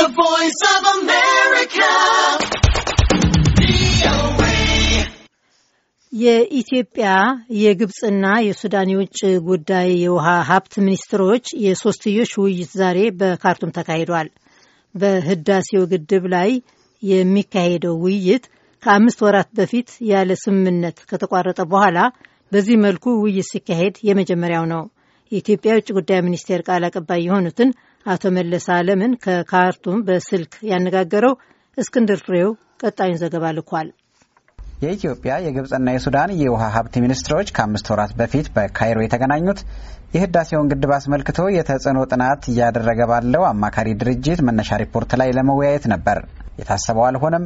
The Voice of America. የኢትዮጵያ የግብፅና የሱዳን የውጭ ጉዳይ የውሃ ሀብት ሚኒስትሮች የሶስትዮሽ ውይይት ዛሬ በካርቱም ተካሂዷል። በህዳሴው ግድብ ላይ የሚካሄደው ውይይት ከአምስት ወራት በፊት ያለ ስምምነት ከተቋረጠ በኋላ በዚህ መልኩ ውይይት ሲካሄድ የመጀመሪያው ነው። የኢትዮጵያ የውጭ ጉዳይ ሚኒስቴር ቃል አቀባይ የሆኑትን አቶ መለስ አለምን ከካርቱም በስልክ ያነጋገረው እስክንድር ፍሬው ቀጣዩን ዘገባ ልኳል። የኢትዮጵያ የግብፅና የሱዳን የውሃ ሀብት ሚኒስትሮች ከአምስት ወራት በፊት በካይሮ የተገናኙት የህዳሴውን ግድብ አስመልክቶ የተጽዕኖ ጥናት እያደረገ ባለው አማካሪ ድርጅት መነሻ ሪፖርት ላይ ለመወያየት ነበር። የታሰበው አልሆነም።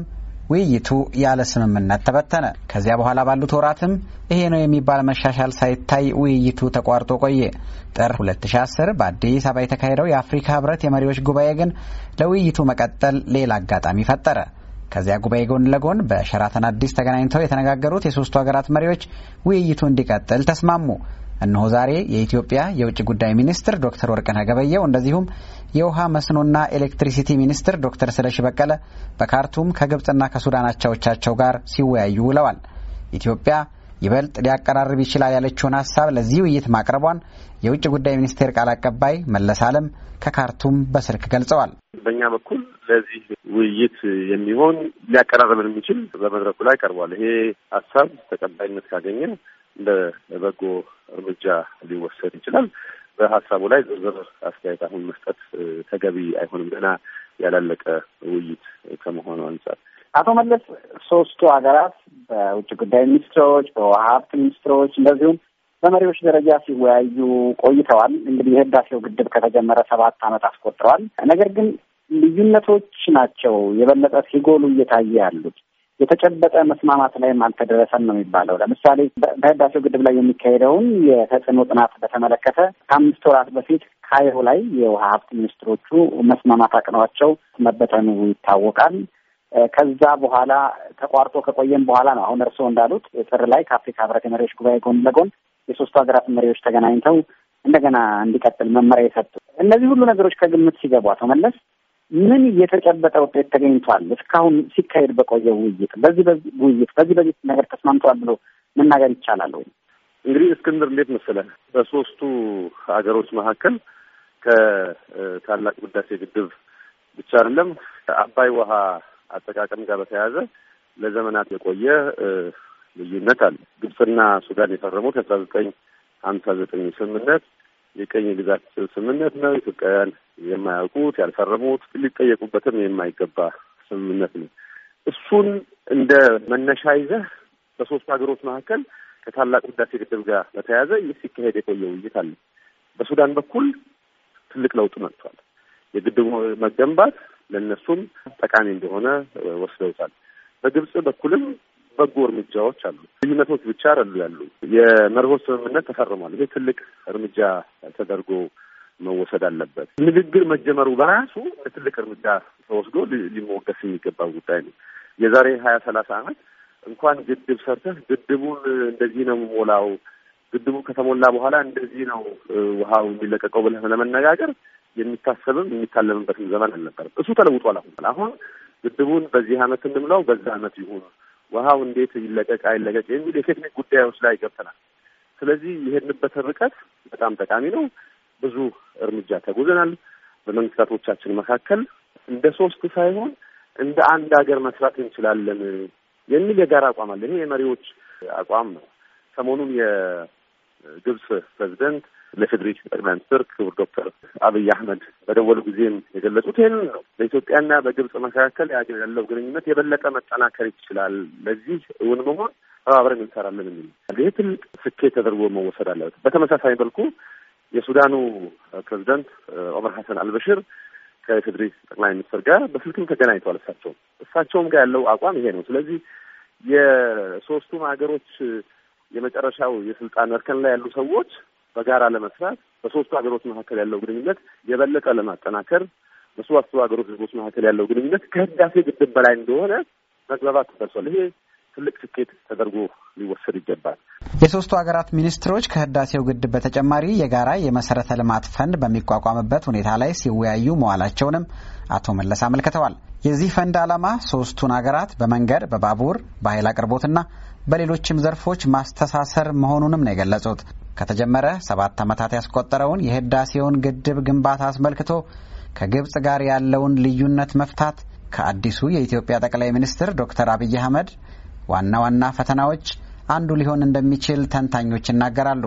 ውይይቱ ያለ ስምምነት ተበተነ። ከዚያ በኋላ ባሉት ወራትም ይሄ ነው የሚባል መሻሻል ሳይታይ ውይይቱ ተቋርጦ ቆየ። ጥር 2010 በአዲስ አበባ የተካሄደው የአፍሪካ ህብረት የመሪዎች ጉባኤ ግን ለውይይቱ መቀጠል ሌላ አጋጣሚ ፈጠረ። ከዚያ ጉባኤ ጎን ለጎን በሸራተን አዲስ ተገናኝተው የተነጋገሩት የሶስቱ ሀገራት መሪዎች ውይይቱ እንዲቀጥል ተስማሙ። እነሆ ዛሬ የኢትዮጵያ የውጭ ጉዳይ ሚኒስትር ዶክተር ወርቅነህ ገበየው እንደዚሁም የውሃ መስኖና ኤሌክትሪሲቲ ሚኒስትር ዶክተር ስለሺ በቀለ በካርቱም ከግብፅና ከሱዳን አቻዎቻቸው ጋር ሲወያዩ ውለዋል። ኢትዮጵያ ይበልጥ ሊያቀራርብ ይችላል ያለችውን ሀሳብ ለዚህ ውይይት ማቅረቧን የውጭ ጉዳይ ሚኒስቴር ቃል አቀባይ መለስ አለም ከካርቱም በስልክ ገልጸዋል። በእኛ በኩል ለዚህ ውይይት የሚሆን ሊያቀራርብን የሚችል በመድረኩ ላይ ቀርቧል። ይሄ ሀሳብ ተቀባይነት ካገኘ እንደ በጎ እርምጃ ሊወሰድ ይችላል። በሀሳቡ ላይ ዝርዝር አስተያየት አሁን መስጠት ተገቢ አይሆንም፣ ገና ያላለቀ ውይይት ከመሆኑ አንጻር። አቶ መለስ ሶስቱ ሀገራት በውጭ ጉዳይ ሚኒስትሮች፣ በውሃ ሀብት ሚኒስትሮች እንደዚሁም በመሪዎች ደረጃ ሲወያዩ ቆይተዋል። እንግዲህ የህዳሴው ግድብ ከተጀመረ ሰባት ዓመት አስቆጥረዋል። ነገር ግን ልዩነቶች ናቸው የበለጠ ሲጎሉ እየታየ ያሉት። የተጨበጠ መስማማት ላይም አልተደረሰም ነው የሚባለው። ለምሳሌ በህዳሴው ግድብ ላይ የሚካሄደውን የተጽዕኖ ጥናት በተመለከተ ከአምስት ወራት በፊት ካይሮ ላይ የውሃ ሀብት ሚኒስትሮቹ መስማማት አቅኗቸው መበተኑ ይታወቃል። ከዛ በኋላ ተቋርጦ ከቆየም በኋላ ነው አሁን እርስዎ እንዳሉት ጥር ላይ ከአፍሪካ ህብረት የመሪዎች ጉባኤ ጎን ለጎን የሶስቱ ሀገራት መሪዎች ተገናኝተው እንደገና እንዲቀጥል መመሪያ የሰጡ። እነዚህ ሁሉ ነገሮች ከግምት ሲገቡ አቶ መለስ ምን የተጨበጠ ውጤት ተገኝቷል? እስካሁን ሲካሄድ በቆየው ውይይት በዚህ በዚህ ውይይት በዚህ በዚህ ነገር ተስማምተዋል ብሎ መናገር ይቻላል ወይ? እንግዲህ እስክንድር እንዴት መሰለህ በሶስቱ ሀገሮች መካከል ከታላቅ ህዳሴ ግድብ ብቻ አይደለም አባይ ውሃ አጠቃቀም ጋር በተያያዘ ለዘመናት የቆየ ልዩነት አለ። ግብፅና ሱዳን የፈረሙት አስራ ዘጠኝ ሀምሳ ዘጠኝ ስምምነት የቀኝ ግዛት ስምምነት ነው። ኢትዮጵያውያን የማያውቁት ያልፈረሙት፣ ሊጠየቁበትም የማይገባ ስምምነት ነው። እሱን እንደ መነሻ ይዘህ በሶስቱ ሀገሮች መካከል ከታላቅ ህዳሴ ግድብ ጋር በተያያዘ ይህ ሲካሄድ የቆየ ውይይት አለ። በሱዳን በኩል ትልቅ ለውጥ መጥቷል። የግድቡ መገንባት ለእነሱም ጠቃሚ እንደሆነ ወስደውታል። በግብጽ በኩልም በጎ እርምጃዎች አሉ። ልዩነቶች ብቻ አይደሉ ያሉ የመርሆች ስምምነት ተፈርሟል። ይሄ ትልቅ እርምጃ ተደርጎ መወሰድ አለበት። ንግግር መጀመሩ በራሱ ትልቅ እርምጃ ተወስዶ ሊሞገስ የሚገባ ጉዳይ ነው። የዛሬ ሀያ ሰላሳ ዓመት እንኳን ግድብ ሰርተህ ግድቡን እንደዚህ ነው የምሞላው ግድቡ ከተሞላ በኋላ እንደዚህ ነው ውሃው የሚለቀቀው ብለህ ለመነጋገር የሚታሰብም የሚታለምበትም ዘመን አልነበርም። እሱ ተለውጧል። አሁን አሁን ግድቡን በዚህ አመት እንምለው በዛ አመት ይሁን ውሃው እንዴት ይለቀቅ አይለቀቅ የሚል የቴክኒክ ጉዳዮች ላይ ገብተናል። ስለዚህ የሄድንበትን ርቀት በጣም ጠቃሚ ነው። ብዙ እርምጃ ተጉዘናል። በመንግስታቶቻችን መካከል እንደ ሶስት ሳይሆን እንደ አንድ ሀገር መስራት እንችላለን የሚል የጋራ አቋም አለ። ይሄ የመሪዎች አቋም ነው። ሰሞኑን ግብጽ ፕሬዚደንት ለፌዴሬሽ ጠቅላይ ሚኒስትር ክቡር ዶክተር አብይ አህመድ በደወሉ ጊዜም የገለጹት ይህን ነው። በኢትዮጵያና በግብጽ መካከል ያለው ግንኙነት የበለጠ መጠናከር ይችላል፣ ለዚህ እውን መሆን ተባብረን እንሰራለን የሚል ይህ ትልቅ ስኬት ተደርጎ መወሰድ አለበት። በተመሳሳይ መልኩ የሱዳኑ ፕሬዚደንት ኦመር ሀሰን አልበሽር ከፌዴሬሽን ጠቅላይ ሚኒስትር ጋር በስልክም ተገናኝተዋል። እሳቸውም እሳቸውም ጋር ያለው አቋም ይሄ ነው። ስለዚህ የሶስቱም ሀገሮች የመጨረሻው የስልጣን እርከን ላይ ያሉ ሰዎች በጋራ ለመስራት በሶስቱ ሀገሮች መካከል ያለው ግንኙነት የበለጠ ለማጠናከር በሶስቱ ሀገሮች ህዝቦች መካከል ያለው ግንኙነት ከህዳሴ ግድብ በላይ እንደሆነ መግባባት ተደርሷል። ይሄ ትልቅ ስኬት ተደርጎ ሊወሰድ ይገባል። የሶስቱ ሀገራት ሚኒስትሮች ከህዳሴው ግድብ በተጨማሪ የጋራ የመሰረተ ልማት ፈንድ በሚቋቋምበት ሁኔታ ላይ ሲወያዩ መዋላቸውንም አቶ መለስ አመልክተዋል። የዚህ ፈንድ ዓላማ ሶስቱን ሀገራት በመንገድ፣ በባቡር፣ በኃይል አቅርቦትና በሌሎችም ዘርፎች ማስተሳሰር መሆኑንም ነው የገለጹት። ከተጀመረ ሰባት ዓመታት ያስቆጠረውን የህዳሴውን ግድብ ግንባታ አስመልክቶ ከግብፅ ጋር ያለውን ልዩነት መፍታት ከአዲሱ የኢትዮጵያ ጠቅላይ ሚኒስትር ዶክተር አብይ አህመድ ዋና ዋና ፈተናዎች አንዱ ሊሆን እንደሚችል ተንታኞች ይናገራሉ።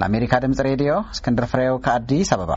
ለአሜሪካ ድምጽ ሬዲዮ እስክንድር ፍሬው ከአዲስ አበባ